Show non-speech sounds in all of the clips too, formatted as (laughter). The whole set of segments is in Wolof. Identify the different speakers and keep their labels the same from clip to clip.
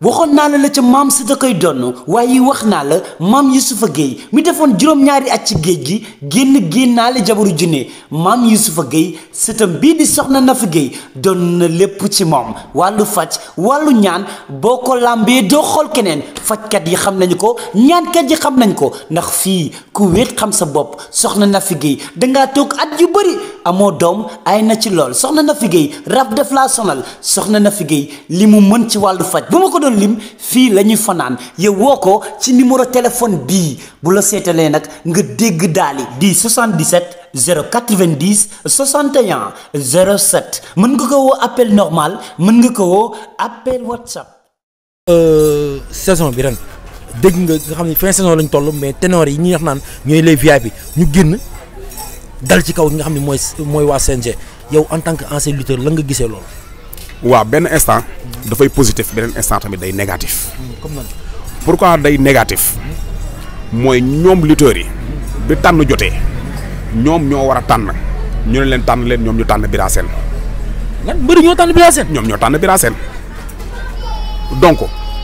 Speaker 1: waxoon naa la la ca maam si da koy donn waaye wax naa la maam yusufa géey muy defoon juróom-ñaari at ci géej gi génn génnaale jabaru junne maam yusufa géey sëtam bii di soxna Nafi géey doon na lépp ci moom wàllu faj wàllu ñaan boo ko làmbee doo xool keneen fajkat yi xam nañu ko ñaankat yi xam nañ ko ndax fii ku wéet xam sa bopp soxna Nafi géey dangaa toog at yu bari amoo doom ay na ci lool soxna na figgéey rab def laa sonal soxna na fi li mu mën ci wàllu faj bu ma ko doon lim fii la ñuy fanaan yow woo ko ci numéro téléphone bi bu la seetalee nag nga dégg daali di 77 an 61 07 mën nga ko woo appel normal mën nga ko woo appel whatsapp. Euh, saison bi ren dégg nga nga xam ne fin saison lañ toll mais ténor yi ñuy wax naan ñooy les VIP bi ñu génn. dal ci kaw gi nga xam ne mooy mooy waa CNG yow en tant que ancien lutteur la nga gisee loolu.
Speaker 2: waa benn instant. dafay positif beneen instant tamit day négatif. Hmm, comme nan pourquoi day négatif. mooy ñoom lutteurs yi. bi tànn jotee. ñoom ñoo war a tànn. ñoo leen tànn leen ñoom ñu tànn Bira Sène. lan mbëri ñoo tànn Bira Sène. ñoom ñoo tànn Bira Sène. donc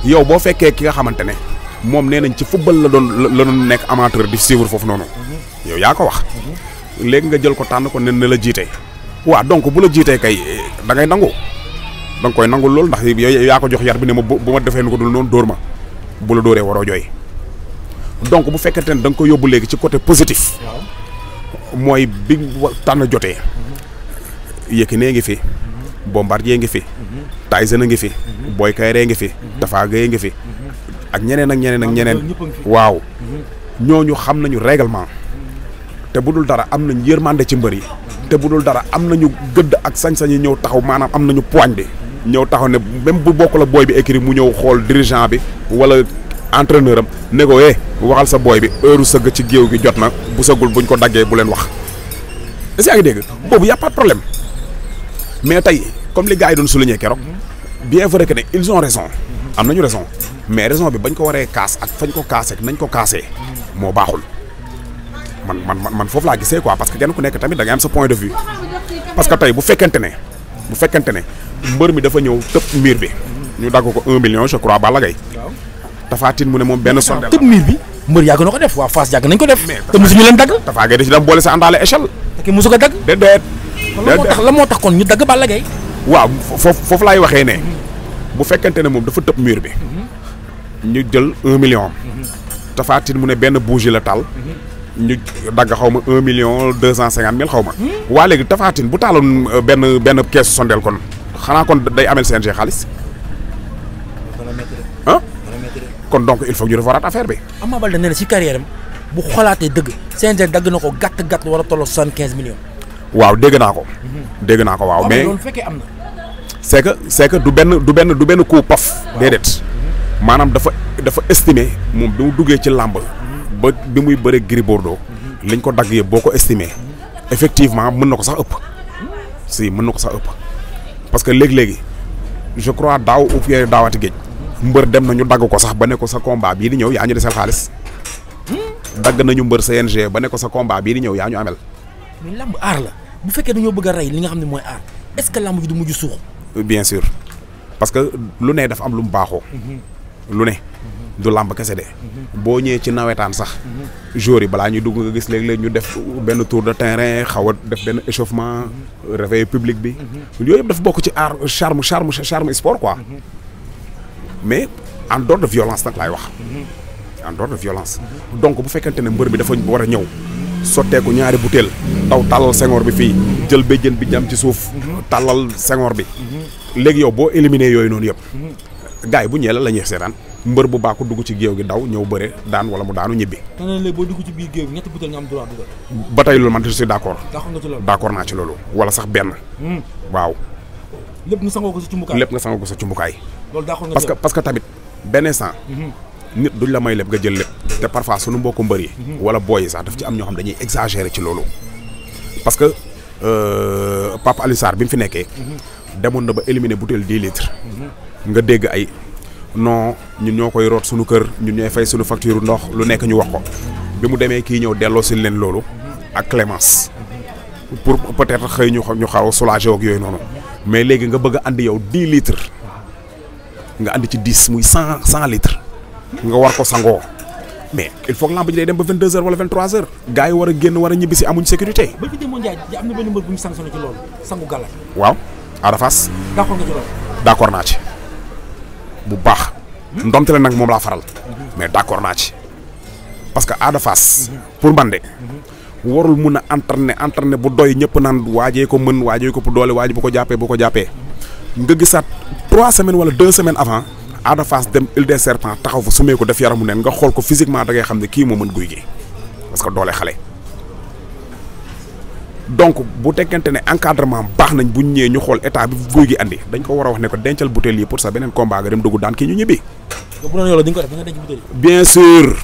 Speaker 2: yow boo fekkee ki nga xamante ne moom nee nañ ci football la doon la doon nekk amateur di suivre foofu noonu.
Speaker 3: Hmm. yow yaa ko wax. Hmm.
Speaker 2: léegi nga jël ko tànn ko nen na la jiite waaw donc bu la jiitee kay da nangu da nga koy nangu loolu ndax yow yaa ko jox yar bi ne ma bu ma defee nu ko dul noonu dóor ma bu la dóoree waroo jooy donc bu fekkente ne da ko yóbbu léegi ci côté positif. mooy bi tànn jotee. Mm-hmm. Yékini ngi fi. Mm-hmm. Bombardier ngi fi.
Speaker 3: Mm-hmm.
Speaker 2: Tyson a ngi fi. Boy Kayré ngi fi. Tafa Gueye ngi fi. ak ñeneen ak ñeneen ak ñeneen. waaw ñooñu xam nañu réglement te bu dul dara am nañ yërmande ci mbër yi te bu dara am nañu gëdd ak sañ-sañ yi ñëw taxaw maanaam am nañu poigne bi ñëw taxaw ne même bu bokk la booy bi écrit mu ñëw xool dirigeant bi wala entraîneur am ne eh, waxal sa booy bi heure sëgg ci géew gi jot na bu sëggul buñ ko daggee bu leen wax est-ce que yaa ngi dégg boobu y a pas mais tey comme li gars yi doon souligner keroog bien vrai que ne ils ont raison am nañu raison mais raison bi bañ ko waree kaas ak fañ ko kaasee nañ ko kaasee moo baaxul man man man foofu laa gisee quoi parce que kenn ku nekk tamit da nga sa point de vue parce que tey bu fekkente ne bu fekkente ne mbër mi dafa ñëw tëb miir bi ñu dagg ko un million je crois Balla Gaye Tapha Tine mu ne moom benn son tëb miir bi mbër yàgg na ko def waa Fass yàgg nañ ko def te mosuñu leen dagg Tapha Gaye da ci dem boole sa àndaale échelle te mosu ko dagg déedéet la moo tax kon ñu dagg Balla Gaye waaw foofu foofu laay waxee ne bu fekkente ne moom dafa tëb mur bi mhm. ñu jël million am mhm. Tapha mu ne benn bougie la taal mhm. ñu dagg xaw ma un million deux cent cinquante mill xaw ma. waa léegi tafaatin bu taaloon euh, benn benn keesu sondeel kon xanaa kon day amel CNG xaalis. ah kon donc il faut ñu defaraat affaire bi. Ama Baldé nee na si carrière
Speaker 1: am bu xalaatee dëgg. CNG dagg na ko gàtt gàtt war a tolloo soixante quinze millions.
Speaker 2: waaw dégg naa ko. Mhm. dégg naa ko waaw mais c'est que c'est que du benn du benn du benn coup pof. déedéet mhm. maanaam dafa dafa estimer moom bi mu duggee ci làmb. ba bi muy bëree Gris Bordeaux liñ ko dagg yëpp boo ko estimé effectivement mën na ko sax ëpp si mën na ko sax ëpp parce que léegi-léegi je crois daaw ou bien daawati géej mbër dem na ñu dagg ko sax ba ne sa combat bii di ñëw yaa ñu deseel xaalis dagg nañu mbër CNG ba ne ko sa combat bii di ñëw yaa ñu amel
Speaker 1: mais lamb aar la bu fekkee dañoo bëgg a rey li nga xam ne mooy aar est-ce que lamb ji du mujj suux
Speaker 2: bien sûr parce que lu ne dafa am lu mu baaxoo mhm. du làmb kese de. boo ñëwee ci nawetaan sax. jour yi balaa ñuy dugg nga gis léegi léeg ñu def benn tour de terrain xaw a def benn échauffement. réveil public bi. yooyu yëpp daf bokk ci aar charme charme charme sport ko mais en dehors de violence nag laay wax. en dehors de violence. donc bu fekkente ne mbër bi dafa war a ñëw. sotteeku ñaari butéel. taw tàllal sengoor bi fii. jël béjjën bi jam ci suuf. tàllal sengoor bi. léegi yow boo éliminer yooyu noonu yëpp. gars yi bu ñëwee la la ñuy seetaan. mbër bu baax ku dugg ci géew gi daw ñëw bëre daan wala mu daanu ñibbi.
Speaker 1: nee na léegi boo dugg ci biir géew nga
Speaker 2: ba tey loolu man je suis d' accord. d' naa ci loolu. wala sax benn. Hmm. waaw.
Speaker 1: lépp nga sangoo ko sa cumbukaay lépp nga
Speaker 2: sangoo ko sa cumbukaay.
Speaker 1: loolu d' parce que parce
Speaker 2: que tamit benn instant. Hmm. nit duñ la may lépp nga jël lépp. te parfois sunu mbokku mbër yi. Hmm. wala booy yi sax daf ci am ñoo xam dañuy exagéré ci loolu. parce que euh, Papa Alioune bi mu fi nekkee. demoon na ba éliminer butéel 10 litres. nga dégg ay non ñu ñoo koy root suñu kër ñu ñooy fay suñu facture ndox lu nekk ñu wax ko bi mu demee kii ñëw delloo si leen loolu ak clémence pour peut-être xëy ñu ñu xaw a soulagé ak yooyu noonu mais léegi nga bëgg a yow dix litres nga andi ci dix muy cent cent litres nga war ko sangoo mais il faut que lamb ji day dem ba vingt deux heures wala vingt trois heures gars yi war a génn war a ñibbi si sécurité.
Speaker 1: ba ci démb Ndiaye am na benn mbër bu ñu sanctionné ci loolu sangu gàllank.
Speaker 2: waaw Ada Fass. d'accord nga ci bu baax ndomte la nag moom laa faral mais d'accord naa ci parce que Ada Fass pour mbande warul mun a entraîner entraîner bu doy ñëpp naan waajee ko mën waajee ko pour doole waaje bu ko jàppee bu ko jàppee nga gisaat trois semaines wala deux semaines avant Ada Fass dem Île des Serpents taxaw fa sumee ko def yaramu neen nga xool ko physiquement da ngay xam ne kii moo mën guy gi parce que doole xale donc bu tekkente ne encadrement baax nañ bu ñëwee ñu xool état bi guy gi andi dañ ko war a wax ne ko dencal butéel yi pour sa beneen combat nga dem dugg daan kii ñu ñibbi.
Speaker 1: bu doon ko def di nga
Speaker 2: bien sûr.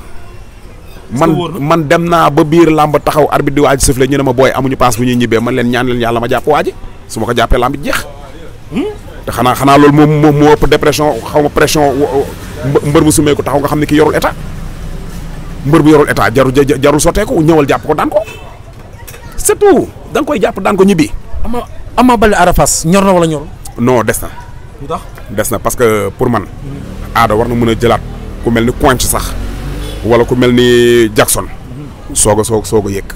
Speaker 2: man man dem naa ba biir làmb taxaw arbitre di waaj sëfle ñu ne ma booy amuñu paas bu ñuy ñibbee man leen ñaan leen yàlla ma jàpp waaji su ma ko jàppee làmb jeex. Hmm? te xanaa xanaa loolu moom moom moo ëpp dépression xaw ma pression mbër bu summeeku taxaw nga xam ne ki yorul état mbër bu yorul état ja jarul sotteeku ñëwal jàpp ko daan ko c'est tout da koy jàpp daan ko ñibbi. ama ama bale arafas ñor na wala ñor. non des na. lu des na parce que pour man. aada war na mën a jëlaat ku mel ni Koñc sax wala ku mel ni Jackson. soog a soog soog a yëg.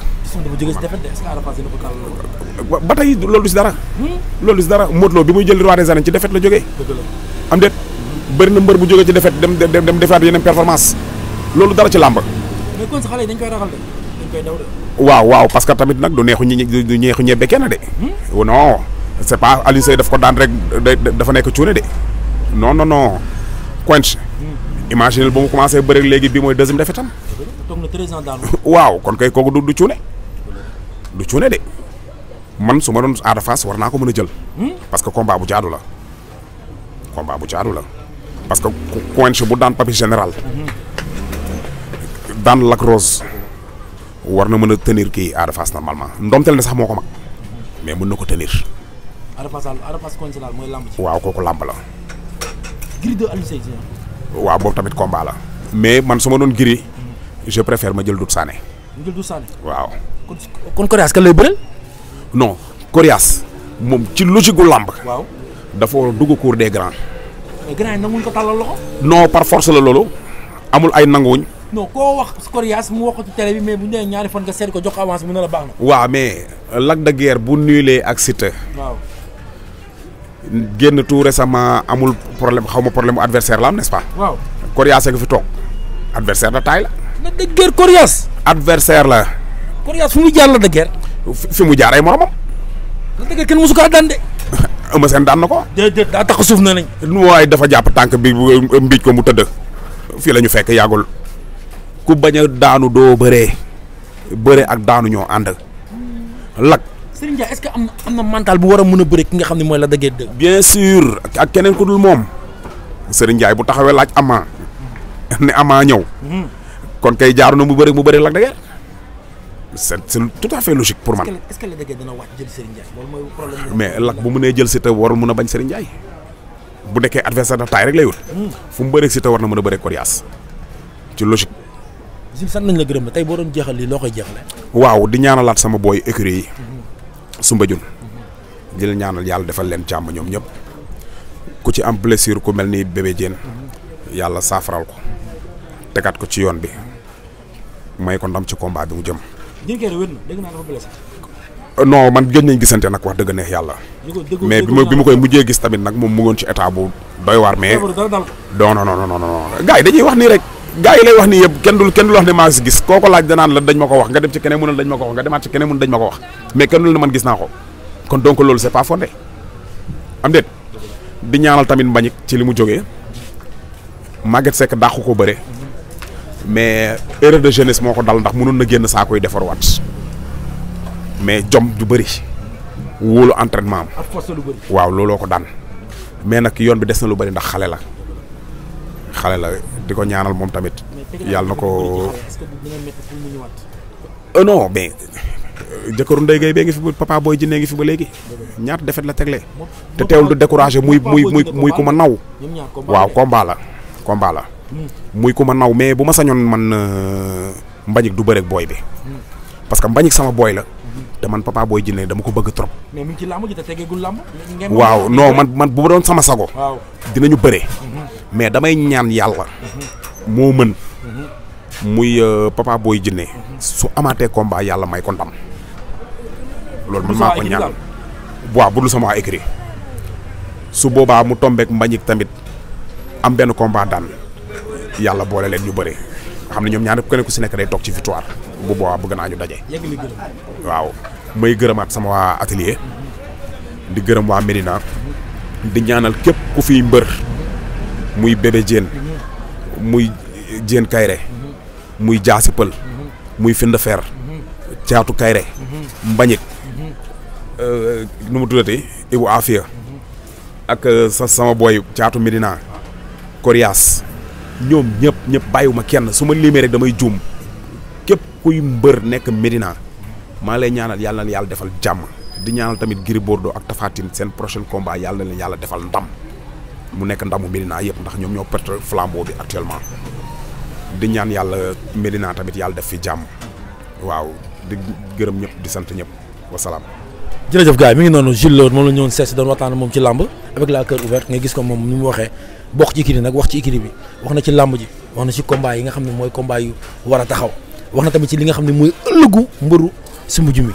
Speaker 2: ba tey loolu du si dara. loolu du si dara Modou bi muy jël roi des arènes ci defeet la jógee. am déet bëri na mbër bu jógee ci défaite dem dem dem defaat yeneen performance loolu dara ci làmb. waaw waaw parce que tamit nag du neexu ñi du neexu ñebe kenn de. Hmm? Oh, non c'est pas Aliou Seye daf ko daan rek dafa nekk cuune de non non non Quench. Hmm. imagine mu commencé bëreeg léegi bii mooy deuxième défaite am. (laughs) (laughs) waaw kon kay kooku du cuune hmm. du cuune de man su ma doon Ada war naa ko mën a jël. parce que combat bu jaadu la combat bu jaadu la parce que Quench bu daan papi général. daan Lac Rose. war na mën a tenir kii Ada Fass normalement ndomtel ne sax moo ko mag mais mën na ko tenir.
Speaker 1: Ada Fass Ada Fass consulat mooy
Speaker 2: waaw kooku lamb la. waaw boobu tamit combat la. mais man su ma doon Gris je préfère ma jël Doudou Sané. ma
Speaker 1: jël Doudou Sané. waaw. kon kon Coriace
Speaker 3: kan
Speaker 2: lay bëreel. non Coriace moom ci logique gu lamb. waaw dafa war a non par force la loolu amul ay nanguwuñ.
Speaker 1: non koo wax scoriace mu wax ko ci télé bi mais bu ñu nee ñaari fan nga seet ko jox avance mu ne la baax na.
Speaker 2: waaw mais Lac de bu nuyulee ak Siteu. waaw. génn tout récemment amul problème xaw ma problème adversaire la am pa ce pas. waaw nga fi toog. adversaire la taay la. Lac de Guiers adversaire la. coriace fu mu jaar Lac de fi mu jaar ay moromam. Lac de Guiers kenn mosu daan de. (laughs) Eumeu daan na ko. déedéet daa tax suuf na nañ. waaye dafa jàpp tànk bi mbiij ko mu tëdd. fii la ñu fekk yàggul. ku bañ a daanu doo bëree bëre ak daanu ñoo ànd lak Serigne Dia ce que am na mental bu war a mën a bëre ki nga xam ne mooy la dëggee dëgg. bien sûr ak moom Serigne bu taxawee laaj Ama ne Ama ñëw. Mhm. kon kay jaaru na mu bëre mu bëre Lac de Guiers c'est c'est pour man.
Speaker 1: est-ce que Lac de Guiers dana wàcc jël Serigne
Speaker 2: Ndiaye jël Siteu warul mun a bañ Serigne Ndiaye bu nekkee adversaire de taille rek lay mhm. fu mu bëreeg Siteu war na mën a bëreeg Coriace ci logique.
Speaker 1: Jules sant nañ la gërëm la tey boo jeexal lii loo koy jeexale
Speaker 2: waaw di ñaanalaat sama booy écurie yi Soumbédioune di la ñaanal yàlla defal leen jàmm ñoom ñëpp ku ci am blessure ku mel ni bébé Diène yàlla saafaral ko tegaat ko ci yoon bi may ko ndam ci combat bi mu jëm. non man gën nañ gisante nag wax dëgg neex yàlla.
Speaker 1: mais bi ma bi ma koy
Speaker 2: mujjee gis tamit nag moom mu ngoon ci état bu doy waar mais.
Speaker 1: non
Speaker 2: non non non non gars yi dañuy wax nii rek. gaa yi lay wax ni yëpp kenn du kenn du wax ne maa gis koo ko laaj danaan la dañ ma ko wax nga dem ci keneen mu ne dañ ma ko wax nga demaat ci ko mais kenn du man gis naa ko kon donc loolu c'est pas fondé am déet bi ñaanal tamit mbañik ci li mu jógee Maguette Seck dàqu ko bëre mais erreur de jeunesse moo ko dal ndax mënoon na génn saa koy defarwaat mais jom du bari wóolu entraînement am waaw looloo ko daan mais nag yoon bi des na lu bari ndax xale la xale la di ko ñaanal moom tamit. yàlla na ko euh, no mais euh, jëkkëru Ndeye Gueye bee ngi fi ba papa booy jinne ngi fi ba léegi ñaata defet la tegle te teewul du découragé muy muy muy muy ku ma naw. waaw combat la combat hmm. muy ku ma naw mais bu ma sañoon man euh, mbañik du bëreeg booy bi hmm. parce que mbañik sama booy la. te man papa booy jinne dama ko bëgg trop.
Speaker 1: mais mu ci làmb ji te teggeegul làmb. waaw non man
Speaker 2: man bu ma doon sama sago. waaw dinañu bëre. Mhm. mais damay ñaan yàlla. moo mën. Mhm. muy euh, papa booy jinne mhm. su amaatee combat yàlla may ko ndam. loolu man maa ko ñaan waaw budul sama waa écrit su boobaa mu tombeek mbañik tamit am benn combat daan yàlla boole leen ñu bëre. xam ne ñoom ñaar ku ne ku si nekk day toog ci victoire bu boobaa bëgg naa ñu daje. waaw may gërëmaat sama waa atelier di gërëm waa Médina di ñaanal képp ku fiy mbër muy bébé Diène muy Diène Kayré muy jaasi pël muy Finde caatu Kayré mbañit euh, nu mu tuddati Ibu Afia ak euh, sama booy caatu Médina Coriace. ñoom ñëpp bàyyiw ma kenn su ma limee rek damay juum képp kuy mbër nekk Médina maa lay ñaanal yàlla na yàlla defal jàmm di ñaanal tamit Gris Bordeaux ak Tapha seen prochain combat yàlla na leen yàlla defal ndam mu nekk ndamu Médina yëpp ndax ñoom ñoo perte flambeau bi actuellement di ñaan yàlla Médina tamit yàlla def fi jàmm waaw di gërëm ñëpp di sant ñëpp wasalaam.
Speaker 1: jërëjëf gars yi mi ngi noonu Jules Lô moom la ñu ñëwoon seet si doon waxtaan moom ci làmb avec la cœur ouvert nga gis ko moom ni mu waxee bokk ci ikiri nag wax ci ikiri bi wax na ci làmb ji wax na ci combat yi nga xam ne mooy combat yu war a taxaw wax na tamit ci li nga xam ne muy ëllëgu mbëru si mujj mi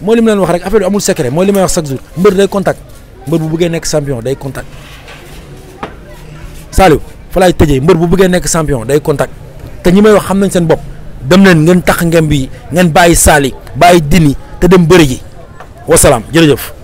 Speaker 1: mooy li mu leen wax rek affaire bi amul secret mooy li may wax chaque jour mbër day contact mbër bu bëggee nekk champion day contact Saliou fa laay tëjee mbër bu bëggee nekk champion day contact te ñi may wax xam nañ seen bopp dem leen ngeen tax ngeen bi ngeen bàyyi saali bàyyi dini te dem bëri ji wasalaam jërëjëf.